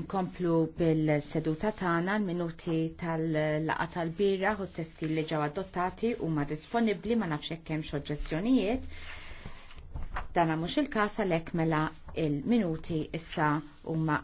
Inkomplu bil-seduta tagħna l-minuti tal-laqa tal-bira u t-testi li ġew adottati huma disponibbli ma nafx hekk hemm oġġezzjonijiet. Dana mhux il-każ għalhekk mela il-minuti issa huma